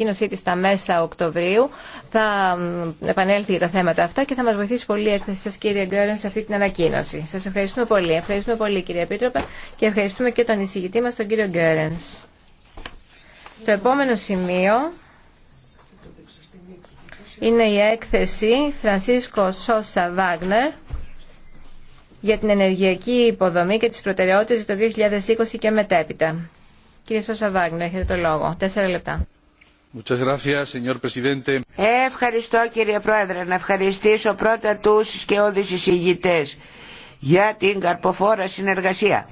ανακοίνωσή της στα μέσα Οκτωβρίου θα επανέλθει για τα θέματα αυτά και θα μας βοηθήσει πολύ η έκθεση σας κύριε Γκέρεν σε αυτή την ανακοίνωση. Σας ευχαριστούμε πολύ. Ευχαριστούμε πολύ κύριε Επίτροπε και ευχαριστούμε και τον εισηγητή μας τον κύριο Γκέρεν. Το επόμενο σημείο είναι η έκθεση Φρανσίσκο Σόσα Βάγνερ για την ενεργειακή υποδομή και τις προτεραιότητες το 2020 και μετέπειτα. Κύριε Σόσα Βάγνερ, έχετε το λόγο. Τέσσερα λεπτά. Ευχαριστώ κύριε Πρόεδρε. Να ευχαριστήσω πρώτα τους σκεώδεις εισηγητές για την καρποφόρα συνεργασία.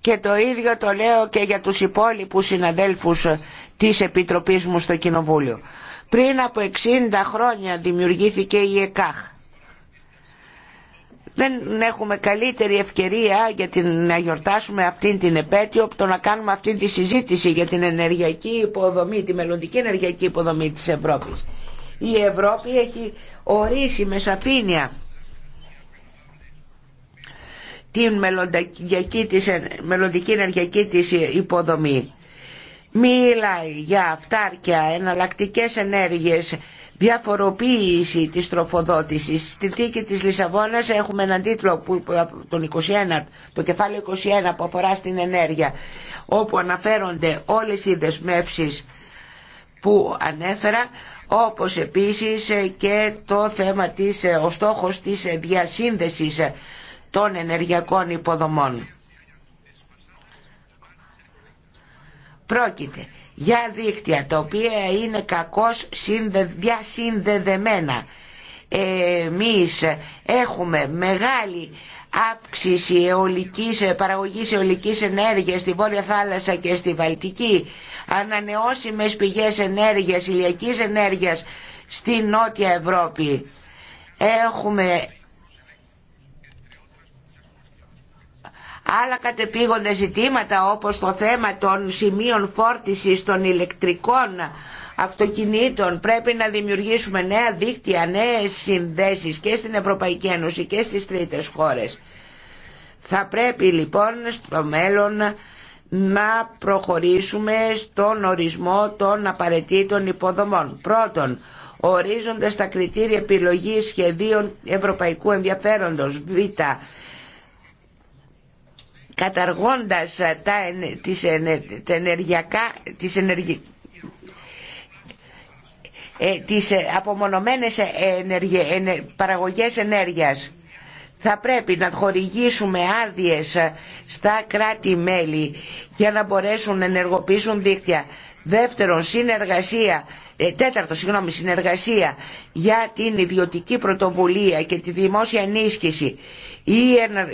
Και το ίδιο το λέω και για τους υπόλοιπους συναδέλφους της Επιτροπής μου στο Κοινοβούλιο. Πριν από 60 χρόνια δημιουργήθηκε η ΕΚΑΧ δεν έχουμε καλύτερη ευκαιρία για την, να γιορτάσουμε αυτήν την επέτειο από το να κάνουμε αυτή τη συζήτηση για την ενεργειακή υποδομή, τη μελλοντική ενεργειακή υποδομή της Ευρώπης. Η Ευρώπη έχει ορίσει με σαφήνεια την μελλοντική, ενεργειακή της υποδομή. Μιλάει για αυτάρκεια, εναλλακτικές ενέργειες, διαφοροποίηση της τροφοδότησης. Στην θήκη της Λισαβόνας έχουμε έναν τίτλο που, τον 21, το κεφάλαιο 21 που αφορά στην ενέργεια όπου αναφέρονται όλες οι δεσμεύσεις που ανέφερα όπως επίσης και το θέμα της, ο στόχος της διασύνδεσης των ενεργειακών υποδομών. Πρόκειται για δίκτυα τα οποία είναι κακώς διασυνδεδεμένα. Εμείς έχουμε μεγάλη αύξηση αιωλικής, παραγωγής αιωλικής ενέργειας στη Βόρεια Θάλασσα και στη Βαλτική, ανανεώσιμες πηγές ενέργειας, ηλιακής ενέργειας στη Νότια Ευρώπη. Έχουμε άλλα κατεπήγοντα ζητήματα όπως το θέμα των σημείων φόρτισης των ηλεκτρικών αυτοκινήτων πρέπει να δημιουργήσουμε νέα δίκτυα, νέες συνδέσεις και στην Ευρωπαϊκή Ένωση και στις τρίτες χώρες. Θα πρέπει λοιπόν στο μέλλον να προχωρήσουμε στον ορισμό των απαραίτητων υποδομών. Πρώτον, ορίζοντας τα κριτήρια επιλογής σχεδίων ευρωπαϊκού ενδιαφέροντος. Β καταργώντας τα, τις, ενεργειακά, τις, ε, τις απομονωμένες παραγωγές ενέργειας. Θα πρέπει να χορηγήσουμε άδειες στα κράτη-μέλη για να μπορέσουν να ενεργοποιήσουν δίκτυα. Δεύτερον, συνεργασία, ε, τέταρτο, συγγνώμη, συνεργασία για την ιδιωτική πρωτοβουλία και τη δημόσια ενίσχυση, η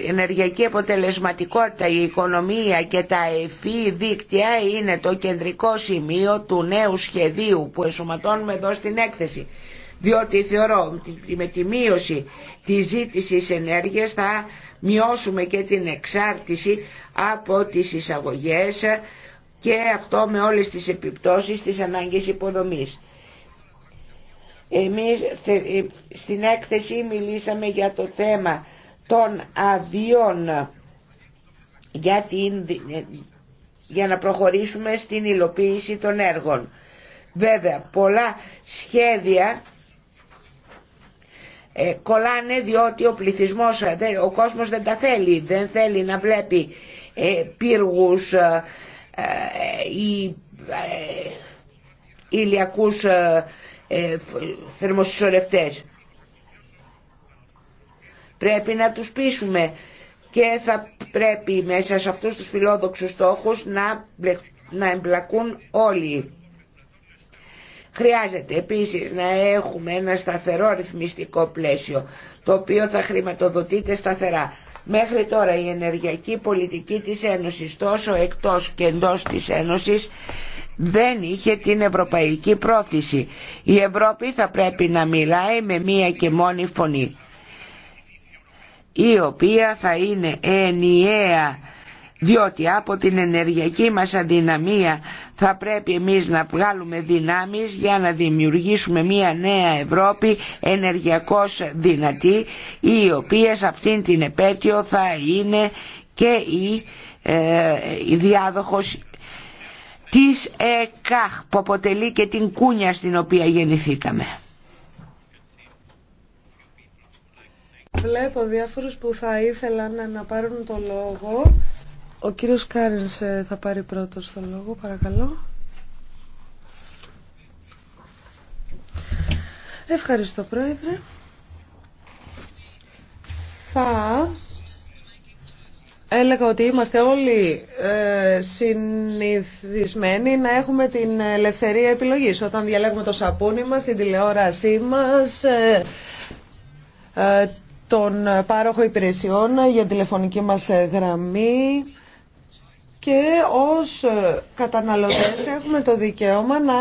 ενεργειακή αποτελεσματικότητα, η οικονομία και τα ευφύ δίκτυα είναι το κεντρικό σημείο του νέου σχεδίου που εσωματώνουμε εδώ στην έκθεση. Διότι θεωρώ ότι με τη μείωση της ζήτησης ενέργειας θα μειώσουμε και την εξάρτηση από τις εισαγωγές και αυτό με όλες τις επιπτώσεις της ανάγκης υποδομής. Εμείς ε, στην έκθεση μιλήσαμε για το θέμα των αδειών για, ε, για να προχωρήσουμε στην υλοποίηση των έργων. Βέβαια, πολλά σχέδια ε, κολλάνε διότι ο πληθυσμός, ε, ο κόσμος δεν τα θέλει, δεν θέλει να βλέπει ε, πύργους, ή ε, ε, ε, ηλιακούς θερμοσυσσωρευτές. Πρέπει να τους πείσουμε και θα πρέπει μέσα σε αυτούς τους φιλόδοξους στόχους να, να εμπλακούν όλοι. Χρειάζεται επίσης να έχουμε ένα σταθερό ρυθμιστικό πλαίσιο, το οποίο θα χρηματοδοτείται σταθερά. Μέχρι τώρα η ενεργειακή πολιτική της Ένωσης τόσο εκτός και εντός της Ένωσης δεν είχε την ευρωπαϊκή πρόθεση. Η Ευρώπη θα πρέπει να μιλάει με μία και μόνη φωνή η οποία θα είναι ενιαία διότι από την ενεργειακή μας αδυναμία θα πρέπει εμείς να βγάλουμε δυνάμεις για να δημιουργήσουμε μια νέα Ευρώπη ενεργειακώς δυνατή η οποία σε αυτήν την επέτειο θα είναι και η, ε, η διάδοχος της ΕΚΑΧ που αποτελεί και την κούνια στην οποία γεννηθήκαμε. Βλέπω διάφορους που θα ήθελαν να πάρουν το λόγο. Ο κύριος Κάρινς ε, θα πάρει πρώτος τον λόγο, παρακαλώ. Ευχαριστώ, Πρόεδρε. Θα έλεγα ότι είμαστε όλοι ε, συνηθισμένοι να έχουμε την ελευθερία επιλογής. Όταν διαλέγουμε το σαπούνι μας, την τηλεόρασή μας, ε, ε, τον πάροχο υπηρεσιών για τηλεφωνική μας γραμμή, και ως ε, καταναλωτές έχουμε το δικαίωμα να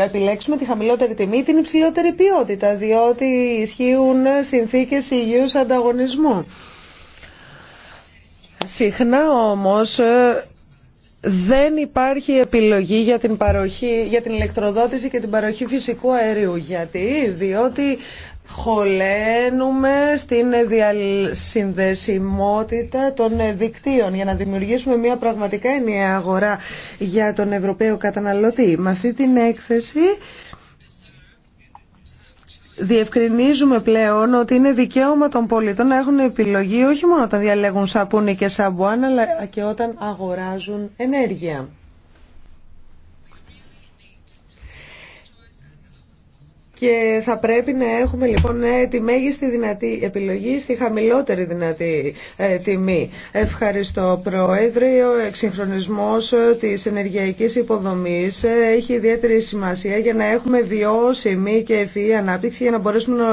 ε, επιλέξουμε τη χαμηλότερη τιμή ή την υψηλότερη ποιότητα, διότι ισχύουν συνθήκες υγιούς ανταγωνισμού. Συχνά όμως ε, δεν υπάρχει επιλογή για την, παροχή, για την ηλεκτροδότηση και την παροχή φυσικού αερίου. Γιατί, διότι χωλένουμε στην διασυνδεσιμότητα των δικτύων για να δημιουργήσουμε μια πραγματικά ενιαία αγορά για τον Ευρωπαίο καταναλωτή. Με αυτή την έκθεση διευκρινίζουμε πλέον ότι είναι δικαίωμα των πολιτών να έχουν επιλογή όχι μόνο όταν διαλέγουν σαπούνι και σαμπουάν αλλά και όταν αγοράζουν ενέργεια. και θα πρέπει να έχουμε λοιπόν ναι, τη μέγιστη δυνατή επιλογή στη χαμηλότερη δυνατή ε, τιμή. Ευχαριστώ Πρόεδρε. Ο εξυγχρονισμός της ενεργειακής υποδομής ε, έχει ιδιαίτερη σημασία για να έχουμε βιώσιμη και ευφυή ανάπτυξη για να μπορέσουμε να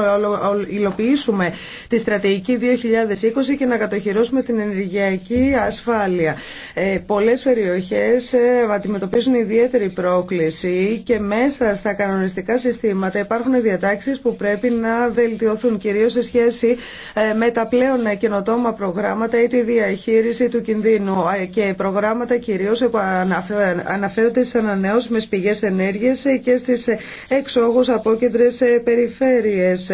υλοποιήσουμε τη στρατηγική 2020 και να κατοχυρώσουμε την ενεργειακή ασφάλεια. Ε, πολλές περιοχές αντιμετωπίζουν ιδιαίτερη πρόκληση και μέσα στα κανονιστικά συστήματα υπάρχουν διατάξεις που πρέπει να βελτιωθούν κυρίως σε σχέση ε, με τα πλέον καινοτόμα προγράμματα ή τη διαχείριση του κινδύνου και προγράμματα κυρίως που αναφέρονται στις ανανεώσιμες πηγές ενέργειας και στις εξόγους απόκεντρες περιφέρειες.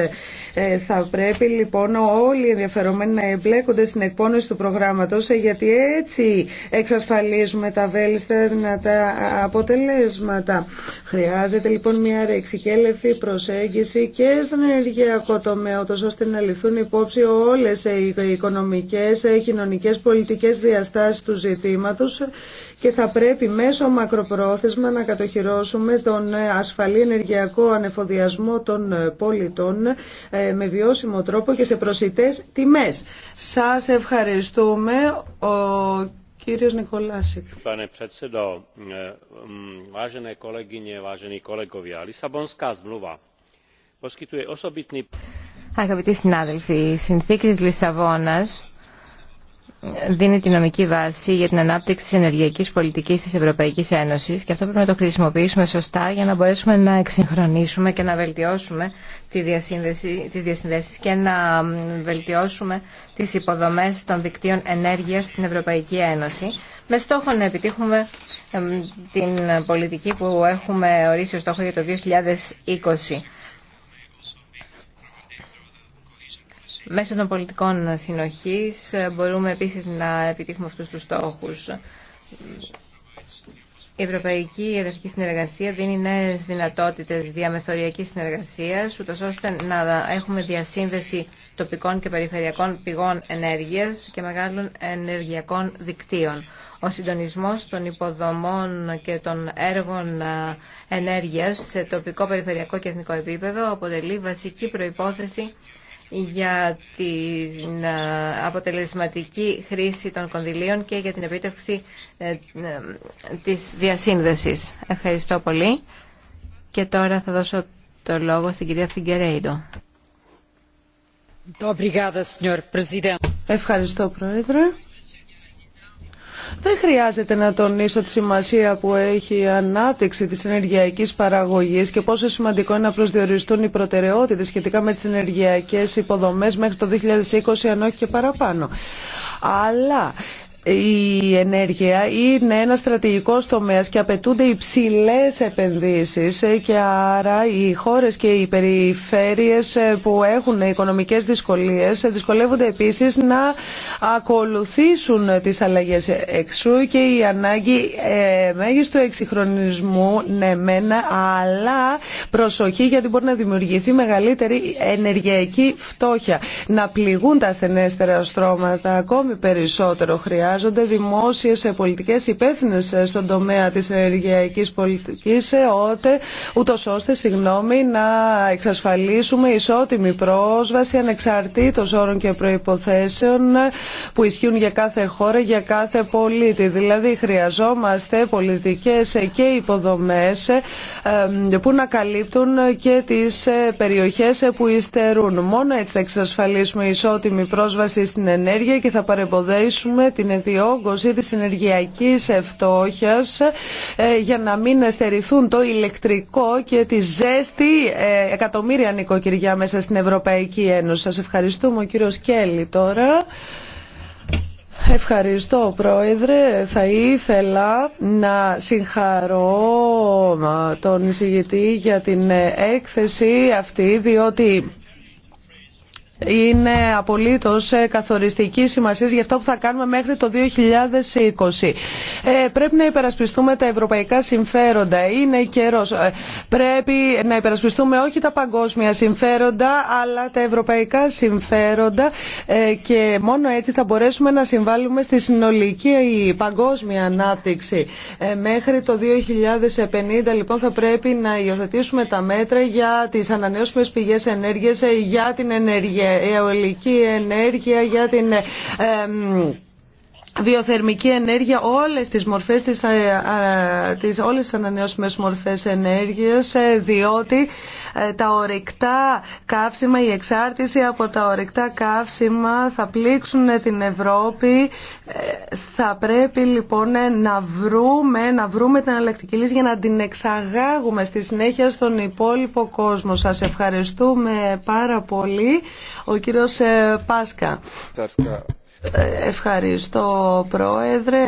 Ε, θα πρέπει λοιπόν όλοι οι ενδιαφερομένοι να εμπλέκονται στην εκπόνηση του προγράμματος γιατί έτσι εξασφαλίζουμε τα βέλιστα δυνατά αποτελέσματα. Χρειάζεται λοιπόν μια ρεξικέλευση προσέγγιση και στον ενεργειακό τομέα, ούτως ώστε να ληφθούν υπόψη όλες οι οικονομικές, κοινωνικές, πολιτικές διαστάσεις του ζητήματος και θα πρέπει μέσω μακροπρόθεσμα να κατοχυρώσουμε τον ασφαλή ενεργειακό ανεφοδιασμό των πολιτών ε, με βιώσιμο τρόπο και σε προσιτές τιμές. Σας ευχαριστούμε. Κύριος Νικολάσικ. Αγαπητοί συνάδελφοι, η συνθήκη της Λισαβόνας δίνει τη νομική βάση για την ανάπτυξη της ενεργειακής πολιτικής της Ευρωπαϊκής Ένωσης και αυτό πρέπει να το χρησιμοποιήσουμε σωστά για να μπορέσουμε να εξυγχρονίσουμε και να βελτιώσουμε τη διασύνδεση, τις διασυνδέσεις και να βελτιώσουμε τις υποδομές των δικτύων ενέργειας στην Ευρωπαϊκή Ένωση με στόχο να επιτύχουμε την πολιτική που έχουμε ορίσει ως στόχο για το 2020. Μέσω των πολιτικών συνοχής ε, μπορούμε επίσης να επιτύχουμε αυτούς τους στόχους. Η Ευρωπαϊκή Εδαφική Συνεργασία δίνει νέες δυνατότητες διαμεθοριακής συνεργασίας, ούτως ώστε να έχουμε διασύνδεση τοπικών και περιφερειακών πηγών ενέργειας και μεγάλων ενεργειακών δικτύων. Ο συντονισμός των υποδομών και των έργων ε, ενέργειας σε τοπικό, περιφερειακό και εθνικό επίπεδο αποτελεί βασική προϋπόθεση για την ε, αποτελεσματική χρήση των κονδυλίων και για την επίτευξη ε, ε, της διασύνδεσης. Ευχαριστώ πολύ. Και τώρα θα δώσω το λόγο στην κυρία Φιγκερέιντο. Ευχαριστώ, Πρόεδρε. Δεν χρειάζεται να τονίσω τη σημασία που έχει η ανάπτυξη της ενεργειακής παραγωγής και πόσο σημαντικό είναι να προσδιοριστούν οι προτεραιότητες σχετικά με τις ενεργειακές υποδομές μέχρι το 2020 αν όχι και παραπάνω. Αλλά η ενέργεια είναι ένα στρατηγικό τομέα και απαιτούνται υψηλέ επενδύσει και άρα οι χώρε και οι περιφέρειες που έχουν οικονομικέ δυσκολίε δυσκολεύονται επίση να ακολουθήσουν τι αλλαγέ εξού και η ανάγκη ε, μέγιστου εξυγχρονισμού ναι μένα, αλλά προσοχή γιατί μπορεί να δημιουργηθεί μεγαλύτερη ενεργειακή φτώχεια. Να πληγούν τα ασθενέστερα στρώματα ακόμη περισσότερο χρειάζεται χρειάζονται δημόσιε ε, πολιτικέ υπεύθυνε ε, στον τομέα της ενεργειακή πολιτική, ε, ούτω ώστε συγγνώμη, να εξασφαλίσουμε ισότιμη πρόσβαση ανεξαρτήτω όρων και προποθέσεων που ισχύουν για κάθε χώρα, για κάθε πολίτη. Δηλαδή χρειαζόμαστε πολιτικέ και υποδομέ που να καλύπτουν και τι περιοχέ που υστερούν. Μόνο έτσι θα εξασφαλίσουμε ισότιμη πρόσβαση στην ενέργεια και θα παρεμποδίσουμε την διόγκωση της ενεργειακής ε, για να μην στερηθούν το ηλεκτρικό και τη ζέστη ε, εκατομμύρια νοικοκυριά μέσα στην Ευρωπαϊκή Ένωση. Σας ευχαριστούμε ο κύριος Κέλλη τώρα. Ευχαριστώ Πρόεδρε. Θα ήθελα να συγχαρώ ε, τον εισηγητή για την ε, έκθεση αυτή διότι είναι απολύτω ε, καθοριστική σημασία για αυτό που θα κάνουμε μέχρι το 2020. Ε, πρέπει να υπερασπιστούμε τα ευρωπαϊκά συμφέροντα. Είναι καιρός. Ε, πρέπει να υπερασπιστούμε όχι τα παγκόσμια συμφέροντα, αλλά τα ευρωπαϊκά συμφέροντα ε, και μόνο έτσι θα μπορέσουμε να συμβάλλουμε στη συνολική η παγκόσμια ανάπτυξη. μέχρι το 2050 λοιπόν θα πρέπει να υιοθετήσουμε τα μέτρα για τι ανανεώσιμε πηγέ ενέργεια για την ενέργεια αιωλική ενέργεια, για την ε, βιοθερμική ενέργεια, όλες τις μορφές, τις, ε, ε, τις, όλες ανανεώσιμες μορφές ενέργειας, ε, διότι τα ορεικτά καύσιμα, η εξάρτηση από τα ορεικτά καύσιμα θα πλήξουν την Ευρώπη. Θα πρέπει λοιπόν να βρούμε, να βρούμε την αλλακτική λύση για να την εξαγάγουμε στη συνέχεια στον υπόλοιπο κόσμο. Σας ευχαριστούμε πάρα πολύ. Ο κύριος Πάσκα. Ευχαριστώ Πρόεδρε,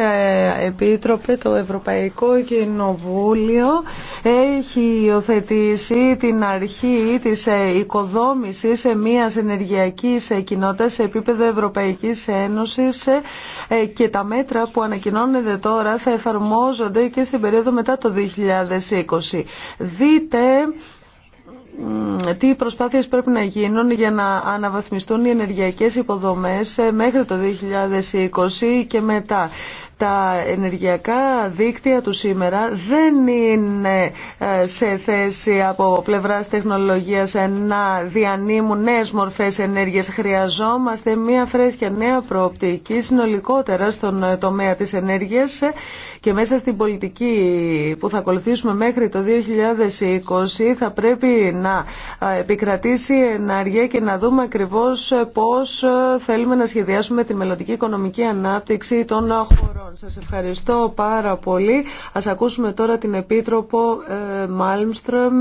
Επίτροπε, το Ευρωπαϊκό Κοινοβούλιο έχει υιοθετήσει την αρχή της οικοδόμησης μιας μια ενεργειακή κοινότητα σε επίπεδο Ευρωπαϊκής Ένωσης και τα μέτρα που ανακοινώνεται τώρα θα εφαρμόζονται και στην περίοδο μετά το 2020. Δείτε τι προσπάθειες πρέπει να γίνουν για να αναβαθμιστούν οι ενεργειακές υποδομές ε, μέχρι το 2020 και μετά τα ενεργειακά δίκτυα του σήμερα δεν είναι ε, σε θέση από πλευράς τεχνολογίας ε, να διανύμουν νέες μορφές ενέργειας. Χρειαζόμαστε μια φρέσκια νέα προοπτική συνολικότερα στον ε, τομέα της ενέργειας και μέσα στην πολιτική που θα ακολουθήσουμε μέχρι το 2020 θα πρέπει να επικρατήσει ενάργεια και να δούμε ακριβώς πώς θέλουμε να σχεδιάσουμε τη μελλοντική οικονομική ανάπτυξη των χωρών. Σα λοιπόν, Σας ευχαριστώ πάρα πολύ. Ας ακούσουμε τώρα την Επίτροπο ε, Μάλμστρομ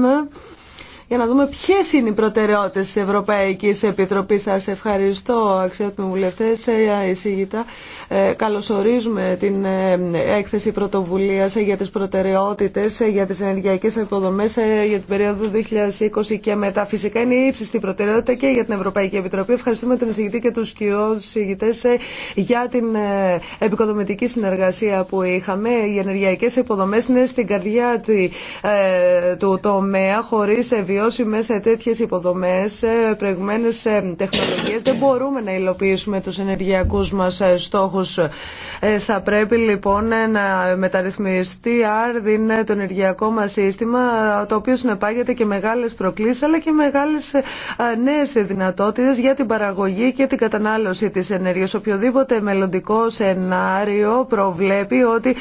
για να δούμε ποιες είναι οι προτεραιότητες της Ευρωπαϊκής Επιτροπής. Σας ευχαριστώ αξιότιμοι βουλευτές, ε, εισηγητά. Ε, καλωσορίζουμε την ε, έκθεση πρωτοβουλίας για τις προτεραιότητες, για τις ενεργειακές υποδομές για την περίοδο 2020 και μετά. Φυσικά είναι η ύψιστη προτεραιότητα και για την Ευρωπαϊκή Επιτροπή. Ευχαριστούμε τον εισηγητή και τους κοιόδους εισηγητές για την επικοδομητική συνεργασία που είχαμε. Οι ενεργειακές υποδομέ είναι στην καρδιά του τομέα χωρίς σε τέτοιε υποδομέ, προηγούμενε τεχνολογίε δεν μπορούμε να υλοποιήσουμε του ενεργειακού μα ε, στόχου. Ε, θα πρέπει λοιπόν ε, να μεταρρυθμιστεί άρδιν το ενεργειακό μα σύστημα, το οποίο συνεπάγεται και μεγάλε προκλήσει, αλλά και μεγάλε νέε δυνατότητε για την παραγωγή και την κατανάλωση τη ενέργεια. Οποιοδήποτε μελλοντικό σενάριο προβλέπει ότι,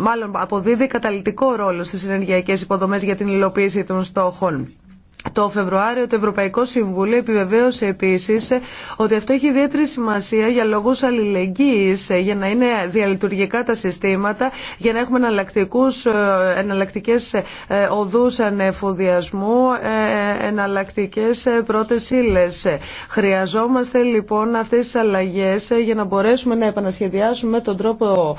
μάλλον αποδίδει καταλητικό ρόλο στι ενεργειακέ υποδομέ για την υλοποίηση των στόχων. Στοκχόλμη. Λοιπόν, το Φεβρουάριο το Ευρωπαϊκό Συμβούλιο επιβεβαίωσε επίσης ότι αυτό έχει ιδιαίτερη σημασία για λόγους αλληλεγγύης, για να είναι διαλειτουργικά τα συστήματα, για να έχουμε ε, εναλλακτικές ε, οδούς ανεφοδιασμού, ε, εναλλακτικές πρώτες ύλες. Χρειαζόμαστε λοιπόν αυτές τις αλλαγές για να μπορέσουμε να επανασχεδιάσουμε τον τρόπο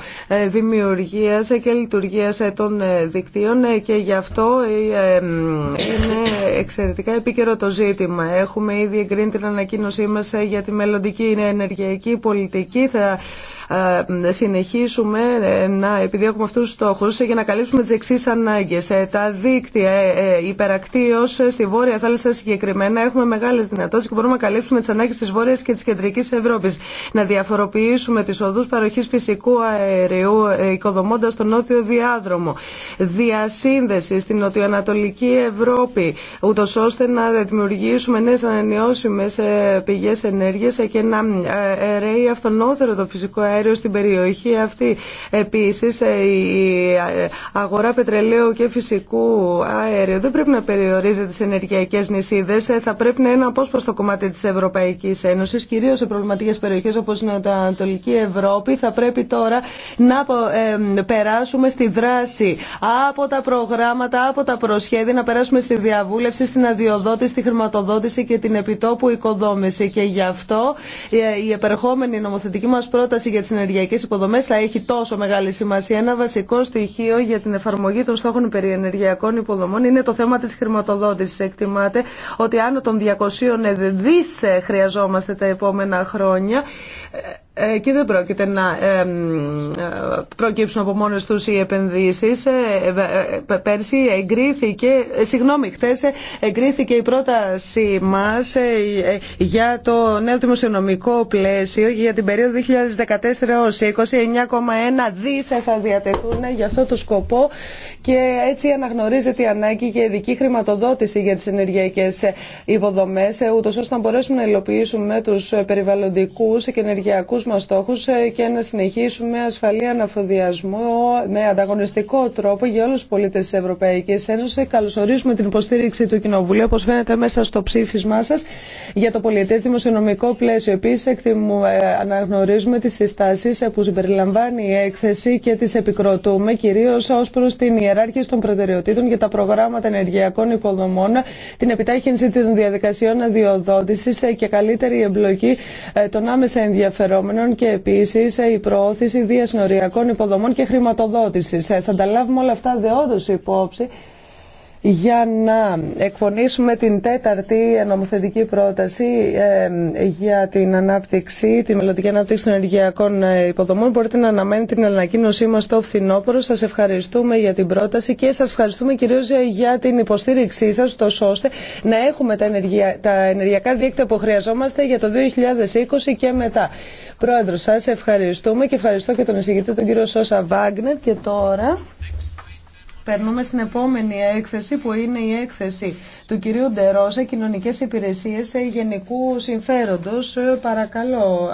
δημιουργίας και λειτουργίας των δικτύων και γι' αυτό είναι εξαιρετικά επίκαιρο το ζήτημα. Έχουμε ήδη εγκρίνει την ανακοίνωσή μα ε, για τη μελλοντική ενεργειακή πολιτική. Θα ε, συνεχίσουμε ε, να επιδιώκουμε αυτούς τους στόχους για να καλύψουμε τις εξής ανάγκες. Ε, τα δίκτυα υπερακτίως στη Βόρεια Θάλασσα συγκεκριμένα έχουμε μεγάλες δυνατότητες και μπορούμε να καλύψουμε τις ανάγκες της Βόρειας και της Κεντρικής Ευρώπης. Να διαφοροποιήσουμε τις οδούς παροχής φυσικού αερίου οικοδομώντας τον νότιο διάδρομο. Διασύνδεση στην νοτιοανατολική Ευρώπη ούτως ώστε να δημιουργήσουμε νέες ανανεώσιμες πηγές ενέργειας και να ρέει αυτονότερο το φυσικό αέριο στην περιοχή αυτή. Επίσης, ε, η ε, αγορά πετρελαίου και φυσικού αέριου δεν πρέπει να περιορίζεται τις ενεργειακές νησίδες. Ε, θα πρέπει να είναι απόσπαστο κομμάτι της Ευρωπαϊκής Ένωσης, κυρίως σε προβληματικές περιοχές όπως είναι η Ανατολική Ευρώπη. Θα πρέπει τώρα να περάσουμε στη δράση από τα προγράμματα, από τα προσχέδια, να περάσουμε στη διαβούλευση, στην αδειοδότηση, στη χρηματοδότηση και την επιτόπου οικοδόμηση. Και γι' αυτό η επερχόμενη νομοθετική μας πρόταση για τις ενεργειακές υποδομές θα έχει τόσο μεγάλη σημασία. Ένα βασικό στοιχείο για την εφαρμογή των στόχων περί ενεργειακών υποδομών είναι το θέμα της χρηματοδότησης. Εκτιμάται ότι άνω των 200 δις ε, χρειαζόμαστε τα επόμενα χρόνια. Ε, ε, και δεν πρόκειται να ε, προκύψουν από μόνες τους οι επενδύσεις. Πέρσι εγκρίθηκε, συγγνώμη, χτες εγκρίθηκε η πρότασή μας για το νέο δημοσιονομικό πλαίσιο για την περίοδο 2014 2014-2029,1 9,1 δις θα διατεθούν για αυτό το σκοπό και έτσι αναγνωρίζεται η ανάγκη και ειδική χρηματοδότηση για τις ενεργειακές υποδομές, ούτως ώστε να μπορέσουμε να υλοποιήσουμε τους περιβαλλοντικούς και ενεργειακούς μας στόχους ε, και να συνεχίσουμε ασφαλή αναφοδιασμό με ανταγωνιστικό τρόπο για όλους τους πολίτες της Ευρωπαϊκής Ένωσης. Ε, καλωσορίζουμε την υποστήριξη του Κοινοβουλίου, όπως φαίνεται μέσα στο ψήφισμά σας, για το πολιτές δημοσιονομικό πλαίσιο. Επίσης, ε, αναγνωρίζουμε τις συστάσεις που συμπεριλαμβάνει η έκθεση και τις επικροτούμε, κυρίως ως προς την ιεράρχηση των προτεραιοτήτων για τα προγράμματα ενεργειακών υποδομών, την επιτάχυνση των διαδικασιών αδειοδότησης και καλύτερη εμπλοκή των άμεσα ενδιαφερόμενων και επίση η προώθηση διασυνοριακών υποδομών και χρηματοδότηση. Ε, θα τα λάβουμε όλα αυτά δεόντως υπόψη για να εκπονήσουμε την τέταρτη νομοθετική πρόταση για την ανάπτυξη, τη μελλοντική ανάπτυξη των ενεργειακών ε, υποδομών. Μπορείτε να αναμένετε την ανακοίνωσή μας στο φθινόπωρο. Σας ευχαριστούμε για την πρόταση και σας ευχαριστούμε κυρίως ε, για την υποστήριξή σας, τόσο ώστε να έχουμε τα, ενεργεια... τα ενεργειακά δίκτυα που χρειαζόμαστε για το 2020 και μετά. Πρόεδρο, σας ευχαριστούμε και ευχαριστώ και τον εισηγητή τον κύριο Σώσα Βάγκνερ και τώρα... Περνούμε στην επόμενη έκθεση που είναι η έκθεση του κυρίου Ντερόσα, κοινωνικές υπηρεσίες γενικού συμφέροντος. Παρακαλώ.